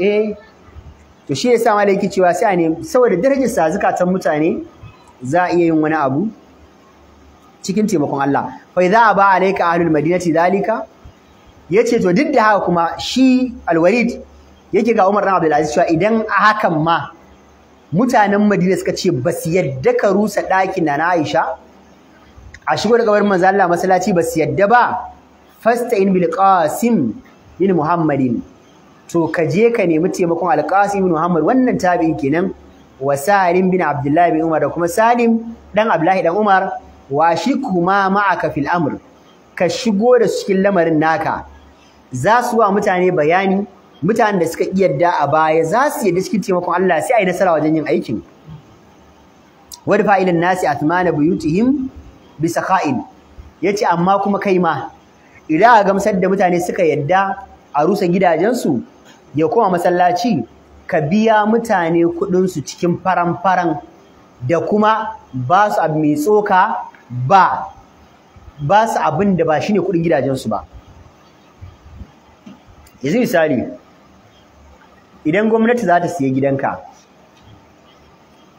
eh to shi ya sa ma da yake cewa sai a ne saboda darajar sa zukatan mutane za a iya yin wani abu cikin taimakon Allah fa idza ba alayka ahlul madinati zalika yace to duk da haka kuma shi alwalid yake ga Umar dan Abdul Aziz cewa idan a hakan ma mutanen Madina suka ce basu yadda ka rusa ɗakin na Aisha a shigo da gabar manzo Allah masallaci basu yadda ba fasta'in bil qasim bin muhammadin to ka je ka nemi taimakon al bin muhammad wannan tabi'in kenan wa salim bin abdullahi bin umar da kuma salim dan abdullahi dan umar wa shi kuma ma'aka fil amr ka shigo da cikin lamarin naka za su wa mutane bayani mutanen da suka yarda a baya za su yarda cikin taimakon Allah sai a yi nasara wajen yin aikin wadfa ilan nasi atmana buyutihim bisa ka'in yace amma kuma kai ma idan a gamsar da mutane suka yadda a rusa gidajensu ya koma masallaci ka biya mutane kuɗinsu cikin faran-faran da kuma ba su abu mai tsoka ba ba su abin da ba shine kuɗin gidajensu ba yanzu misali idan gwamnati za ta siya gidanka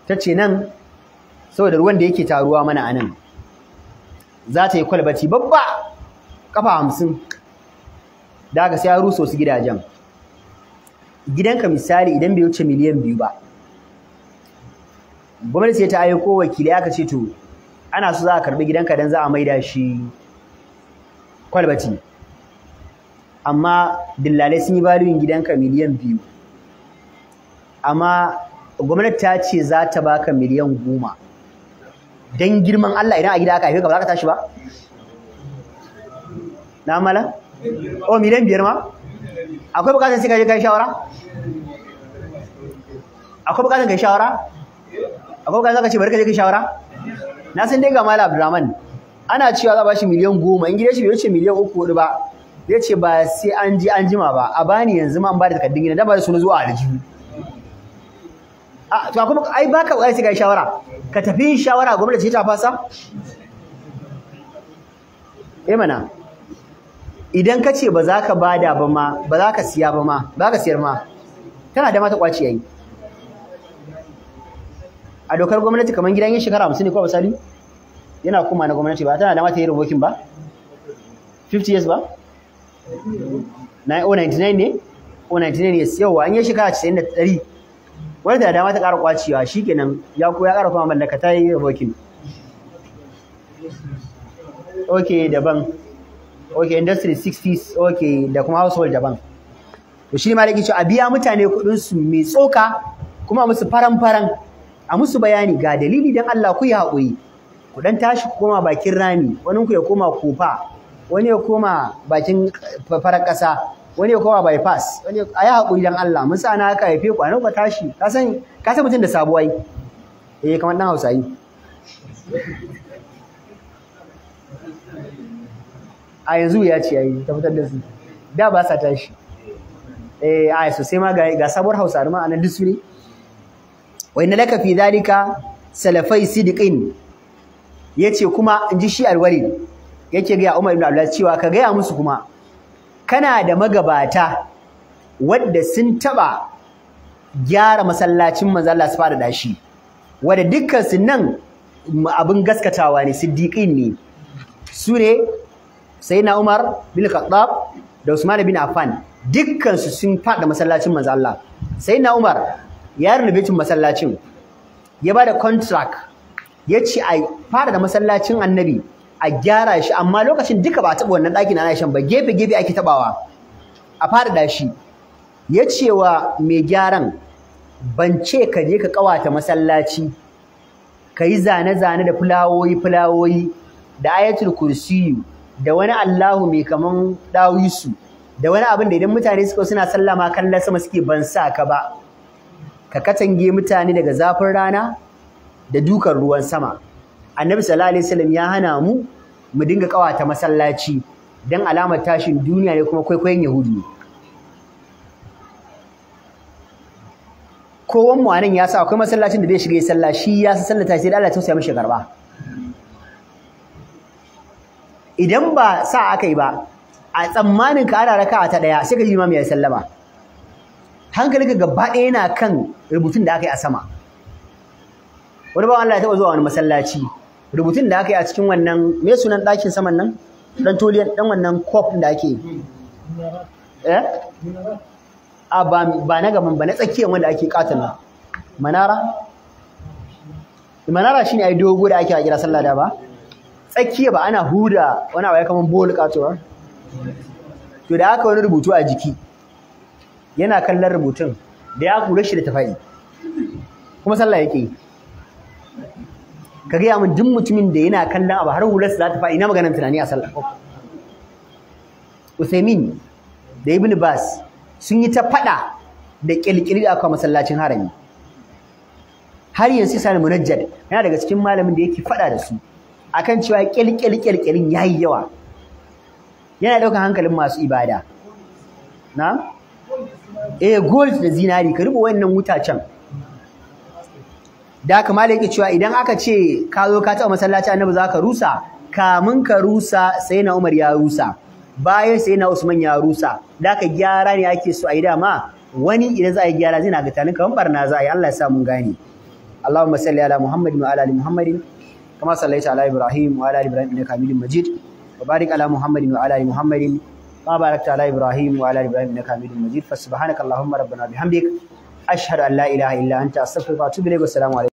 ta ce nan saboda ruwan da yake taruwa mana a nan za ta yi kwalbati babba kafa hamsin da aka sai ya rusa gidajen. gidajen gidanka misali idan bai wuce miliyan biyu ba gwamnati sai ta aiko wakili aka ce to ana so za a karbi gidanka dan za a maida shi kwalbati amma dillalai sun yi gidan gidanka miliyan biyu amma gwamnati ta ce za ta baka miliyan goma don girman Allah idan a gida aka haife ka ba za ka tashi ba na mala oh miliyan biyar ma akwai bukatar sai ka je kai shawara akwai bukatar kai shawara akwai bukatar zaka ce bari ka je kai shawara na san dai ga mala abdurrahman ana cewa za a bashi miliyan goma in shi bai wuce miliyan uku hudu ba ya ce ba sai an ji an jima ba a bani yanzu ma an ba da takardun gida da ba su na zuwa aljihu a to kuma ai baka ai sai ka shawara ka tafi shawara gwamnati ta fasa eh mana idan ka ce ba za ka bada ba ma ba za ka siya ba ma ba ka siyar ma tana da mata kwaci yayi a dokar gwamnati kamar gidan yin shekara hamsin ne ko misali yana kuma na gwamnati ba tana da mata yin rubokin ba 50 years ba 099 ne 099 yes yauwa an yi shekara 90 da 100 wani da dama ta ƙara kwacewa shikenan ya ko ya ƙara kuma mallaka ta yi rubokin ok daban okay industry 60s okay da kuma household daban to shi ma da cewa a biya mutane kudin su mai tsoka kuma musu faran faran a musu bayani ga dalili dan Allah ku yi haƙuri ku dan tashi ku koma bakin rami wani ku ya koma kofa wani ya koma bakin eh, farar ƙasa wani ya koma bypass wani a yi haƙuri dan Allah mun sa na aka haife ku a ku tashi ka san ka san mutun da sabuwai eh kamar dan yi. a yanzu ya ce yayi ta fitar da su da ba sa tashi eh a sosai ma ga ga sabuwar Hausa ma anan duk ne wa inna laka fi dalika salafai sidiqin yace kuma in ji shi alwari yake ga Umar ibn Abdullah cewa ka gaya musu kuma kana da magabata wadda sun taba gyara masallacin manzo Allah su fara dashi wadda dukkan su nan abin gaskatawa ne siddiqin ne su ne sayyidina Umar bin Khattab da Usman bin Affan dukkan su sun fada masallacin manzo Allah sayyidina Umar ya rubutun masallacin ya bada contract ya ce a fara da masallacin annabi a gyara shi amma lokacin duka ba a taɓa wannan ɗakin na shan ba gefe gefe ake tabawa a fara da shi ya ce wa mai gyaran ban ce ka je ka ƙawata masallaci ka yi zane-zane da fulawoyi fulawoyi da ayatul kursiyu da wani Allahu mai kaman dawisu da wani abin da idan mutane suka suna sallama kallon sama suke ban sa ka ba ka katange mutane daga zafin rana da dukan ruwan sama annabi sallallahu alaihi wasallam ya hana mu mu dinga kawata masallaci dan alamar tashin duniya ne kuma kwaikwayon yahudi kowan mu anan ya sa akwai masallacin da bai shiga ya sallah shi ya sallata sai da Allah ya tausaya mishi garba idan ba sa aka yi ba a tsammanin ka ana raka'a ta daya sai ka ji imam ya sallama hankalinka gaba ɗaya yana kan rubutun da aka yi a sama wani bawan Allah ya taɓa zuwa wani masallaci rubutun da aka yi a cikin wannan me sunan ɗakin saman nan dan toliyan dan wannan kof da ake eh a ba ba na gaban ba na tsakiyar wanda ake katana manara manara shine ai dogo da ake a kira sallah da ba tsakiya ba ana huda wani abu ya kama bolu katowa to da aka wani rubutu a jiki yana kallon rubutun da ya kula shi da tafai kuma sallah yake yi ka gaya min duk mutumin da yana kallon abu har hularsa za ta fa'i na maganar tunani a sallah Usaimin da Ibn Bas sun yi ta faɗa da ƙirƙiri da aka masallacin harami har yanzu Sani Munajjad yana daga cikin malamin da yake faɗa da su akan cewa kyalkyal kyalkyalin yayi yawa yana ɗaukar hankalin masu ibada na eh gold da zinari ka rubu wannan can. da kamar yake cewa idan aka ce ka zo ka taɓa masallaci annabi za ka rusa kamun ka rusa sai na umar ya rusa bayan sai na usman ya rusa da ka gyara ne ake so a yi dama wani idan za a yi gyara zai na ga tanin kamar barna za a yi Allah ya sa mun gane Allahumma salli ala Muhammadin wa ala ali Muhammadin كما صليت على إبراهيم وعلى آل إبراهيم إنك حميد مجيد وبارك على محمد وعلى آل محمد كما باركت على إبراهيم وعلى آل إبراهيم إنك حميد مجيد فسبحانك اللهم ربنا بحمدك أشهد أن لا إله إلا أنت أستغفرك وأتوب إليك والسلام عليكم